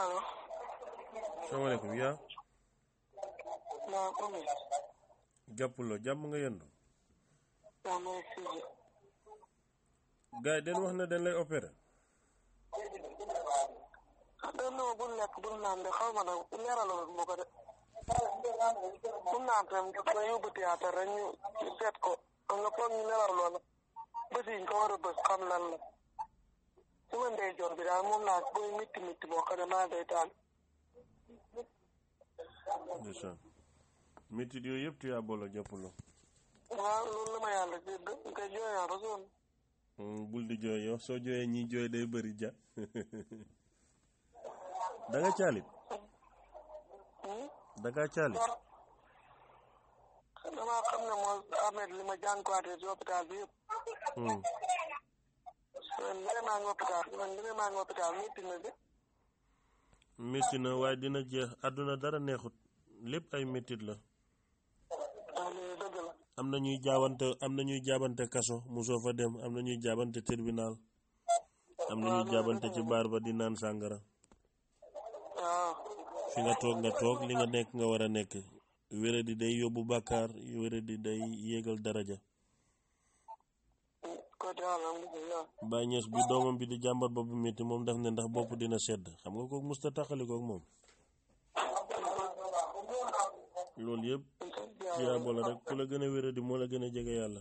Hello. Salaam yaa. naa ko mi. jàppuloo jàmm nga yendu. naa may Sidi. gars yi den wax na den lay opéré. den na ma lekk bul naan de xaw ma nag leeraloon ma ko de. bul naan tam dafa yóbbu théâtre rek ñu seet ko xam nga ñu leeral loola bés yi ñu ko war a bés xam lan la. sama ndeyjoor bi daal moom laa booy métti métti boo xam ne taal. ndeysaan yooyu yëpp tuyaaboo la jàppaloo. waaw loolu la ma yàlla dégg nga jooy ba sonn. Hmm, bul di jooy yow soo jooyee ñi jooy day bëri ja. da caalit. Hmm? da nga caalit. damaa xam ne moo Ahmed li ma jànkuwaatee ci hôpital bi yëpp. Hmm. man vraiment na waaye dina jeex àdduna dara neexut lépp ay méttit la. am na ñuy jaabante am na ñuy jaabante kaso mosoo fa dem am na ñuy jaabante tribunal am na ñuy jaabante ci baar ba di naan sàngara fi nga toog nga toog li nga nekk nga war a nekk wéradi day yóbbu bàkkaar wéradi day yéegal daraja Baye bi doomam bi di jàmbat bopp bu métti moom daf ne ndax bopp dina sedd xam nga kooku musta taxalikook moom loolu yëpp tiyaabo la rek ku la gën a wéra moo la gën a jege yàlla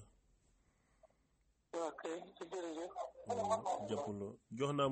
jox naa